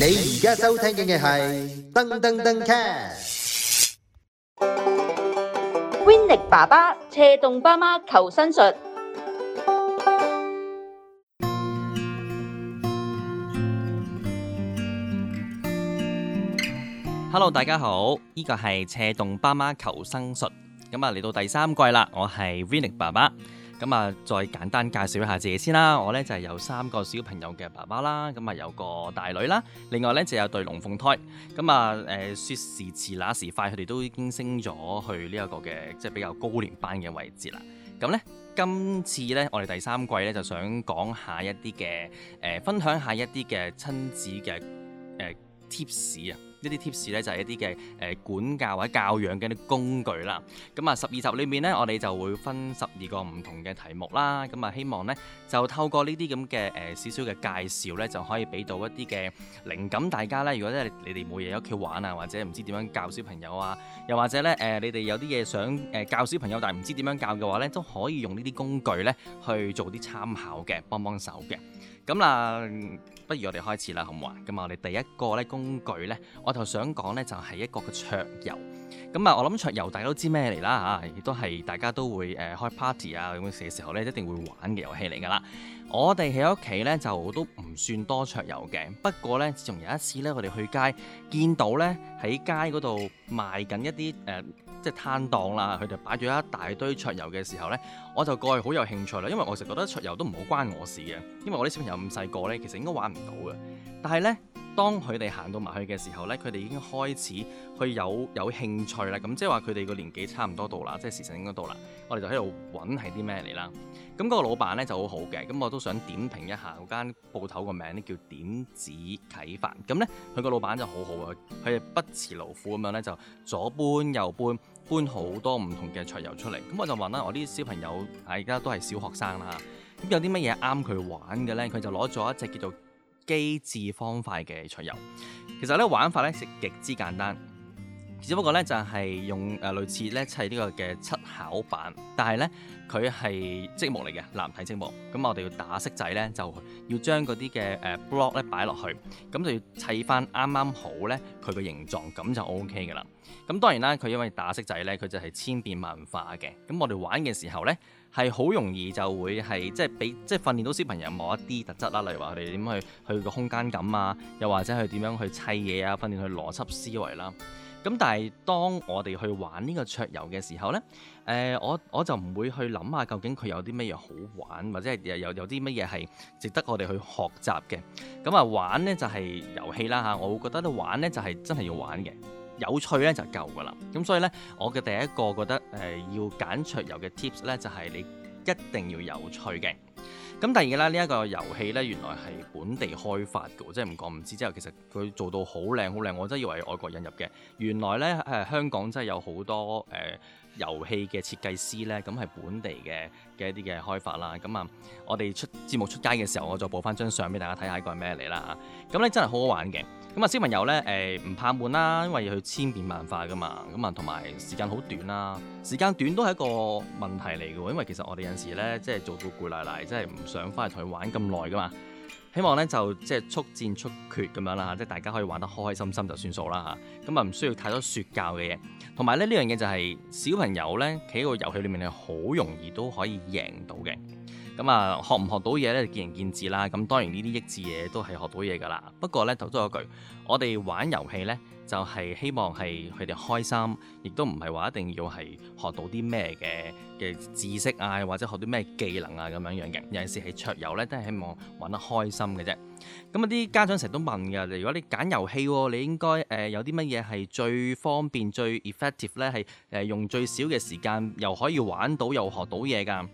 你而家收聽嘅係噔噔噔 cast，Vinny 爸爸車動爸媽求生術。Hello，大家好，呢個係車動爸媽求生術。咁啊，嚟到第三季啦，我係 Vinny 爸爸。咁啊，再簡單介紹一下自己先啦。我呢就係、是、有三個小朋友嘅爸爸啦，咁啊有個大女啦，另外呢，就是、有對龍鳳胎。咁啊誒，説時遲那時快，佢哋都已經升咗去呢一個嘅即係比較高年班嘅位置啦。咁呢，今次呢，我哋第三季呢，就想講下一啲嘅誒，分享下一啲嘅親子嘅誒 tips 啊。呃貼士呢啲 tips 咧就係、是、一啲嘅誒管教或者教養嘅啲工具啦。咁啊，十二集裏面呢，我哋就會分十二個唔同嘅題目啦。咁啊，希望呢，就透過呢啲咁嘅誒少少嘅介紹呢，就可以俾到一啲嘅靈感，大家呢，如果咧你哋冇嘢喺屋企玩啊，或者唔知點樣教小朋友啊，又或者呢，誒、呃、你哋有啲嘢想誒教小朋友，但係唔知點樣教嘅話呢，都可以用呢啲工具呢去做啲參考嘅，幫幫手嘅。咁啊，不如我哋開始啦，好唔好啊？咁啊，我哋第一個咧工具呢。我就想講呢，就係、是、一個嘅桌遊。咁、嗯、啊，我諗桌遊大家都知咩嚟啦嚇，亦都係大家都會誒、呃、開 party 啊有嘅時嘅時候呢，一定會玩嘅遊戲嚟㗎啦。我哋喺屋企呢，就都唔算多桌遊嘅，不過呢，自從有一次呢，我哋去街見到呢喺街嗰度賣緊一啲誒、呃、即係攤檔啦，佢哋擺咗一大堆桌遊嘅時候呢，我就過去好有興趣啦。因為我成日覺得桌遊都唔好關我事嘅，因為我啲小朋友咁細個呢，其實應該玩唔到嘅。但係呢……當佢哋行到埋去嘅時候呢，佢哋已經開始去有有興趣啦。咁即係話佢哋個年紀差唔多到啦，即係時辰應該到啦。我哋就喺度揾係啲咩嚟啦。咁嗰個老闆呢就好好嘅。咁我都想點評一下嗰間鋪頭個名呢，叫點子啟發。咁呢，佢個老闆就好好啊。佢不辭勞苦咁樣呢，就左搬右搬，搬好多唔同嘅桌遊出嚟。咁我就問啦，我啲小朋友而家、啊、都係小學生啦。咁有啲乜嘢啱佢玩嘅呢？佢就攞咗一隻叫做機智方塊嘅巡遊，其實咧玩法咧是極之簡單。只不過咧，就係、是、用誒、呃、類似咧砌呢個嘅七巧板，但係咧佢係積木嚟嘅，藍體積木。咁我哋要打色仔咧，就要將嗰啲嘅誒 block 咧擺落去，咁就要砌翻啱啱好咧佢個形狀，咁就 OK 嘅啦。咁當然啦，佢因為打色仔咧，佢就係千變萬化嘅。咁我哋玩嘅時候咧，係好容易就會係即係俾即係訓練到小朋友某一啲特質啦，例如話佢哋點去去個空間感啊，又或者佢點樣去砌嘢啊，訓練佢邏輯思維啦。咁但係當我哋去玩呢個桌遊嘅時候呢，誒、呃、我我就唔會去諗下究竟佢有啲乜嘢好玩，或者係有有啲乜嘢係值得我哋去學習嘅。咁、嗯、啊玩呢就係、是、遊戲啦吓，我會覺得玩呢就係、是、真係要玩嘅，有趣呢就夠㗎喇。咁所以呢，我嘅第一個覺得誒、呃、要揀桌遊嘅 tips 呢就係、是、你一定要有趣嘅。咁第二嘅咧，呢、這、一個遊戲呢，原來係本地開發嘅喎，即係唔講唔知之後，其實佢做到好靚好靚，我真係以為外國引入嘅，原來呢，誒、呃、香港真係有好多誒。呃遊戲嘅設計師呢，咁係本地嘅嘅一啲嘅開發啦。咁啊，我哋出節目出街嘅時候，我再補翻張相俾大家睇下，係一個咩嚟啦？咁、啊、呢、嗯，真係好好玩嘅。咁啊，小朋友呢，誒、欸、唔怕悶啦，因為佢千變萬化噶嘛。咁啊，同埋時間好短啦。時間短都係一個問題嚟嘅喎，因為其實我哋有時呢，即係做到攰賴賴，即係唔想翻去同佢玩咁耐噶嘛。希望咧就即係速戰速決咁樣啦，即係大家可以玩得開開心心就算數啦嚇，咁啊唔需要太多說教嘅嘢。同埋咧呢樣嘢就係小朋友咧喺個遊戲裏面咧好容易都可以贏到嘅。咁啊，學唔學到嘢咧，見仁見智啦。咁當然呢啲益智嘢都係學到嘢噶啦。不過咧，就都有一句，我哋玩遊戲咧，就係、是、希望係佢哋開心，亦都唔係話一定要係學到啲咩嘅嘅知識啊，或者學啲咩技能啊咁樣樣嘅。有陣時係桌遊咧，都係希望玩得開心嘅啫。咁啊，啲家長成日都問噶，如果你揀遊戲喎，你應該誒、呃、有啲乜嘢係最方便、最 effective 咧，係誒用最少嘅時間又可以玩到又學到嘢噶？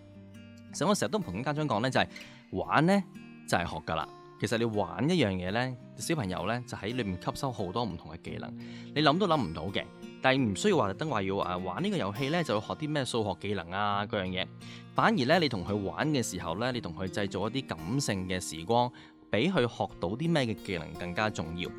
所以我成日都同啲家長講呢，就係玩呢，就係學噶啦。其實你玩一樣嘢呢，小朋友呢，就喺裏面吸收好多唔同嘅技能，你諗都諗唔到嘅。但係唔需要話特登話要誒玩呢個遊戲呢，就要學啲咩數學技能啊嗰樣嘢。反而呢，你同佢玩嘅時候呢，你同佢製造一啲感性嘅時光，比佢學到啲咩嘅技能更加重要。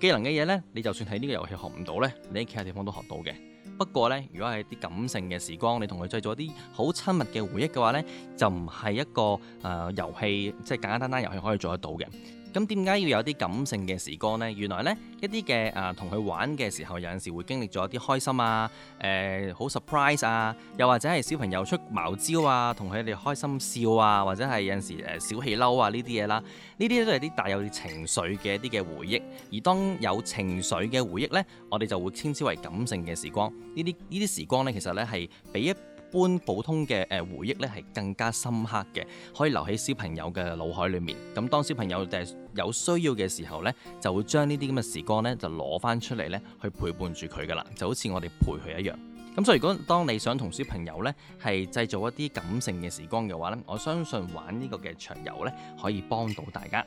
技能嘅嘢呢，你就算喺呢個遊戲學唔到呢，你喺其他地方都學到嘅。不過呢，如果係啲感性嘅時光，你同佢製咗啲好親密嘅回憶嘅話呢，就唔係一個誒遊戲，即係簡簡單單遊戲可以做得到嘅。咁點解要有啲感性嘅時光呢？原來呢，一啲嘅誒同佢玩嘅時候，有陣時會經歷咗一啲開心啊，誒好 surprise 啊，又或者係小朋友出茅招啊，同佢哋開心笑啊，或者係有陣時誒、啊、小氣嬲啊呢啲嘢啦。呢啲都係啲帶有情緒嘅一啲嘅回憶。而當有情緒嘅回憶呢，我哋就會稱之為感性嘅時光。呢啲呢啲時光呢，其實呢係俾一般普通嘅誒回憶咧係更加深刻嘅，可以留喺小朋友嘅腦海裡面。咁當小朋友誒有需要嘅時候咧，就會將呢啲咁嘅時光咧就攞翻出嚟咧去陪伴住佢㗎喇，就好似我哋陪佢一樣。咁所以如果當你想同小朋友咧係製造一啲感性嘅時光嘅話咧，我相信玩呢個嘅桌遊咧可以幫到大家。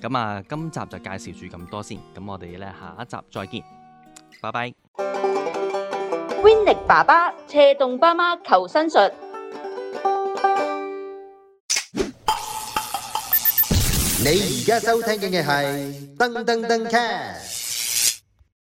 咁啊，今集就介紹住咁多先，咁我哋咧下一集再見，拜拜。Winny 爸爸，斜動，爸媽求生術。你而家收聽緊嘅係《燈登登 Cast》。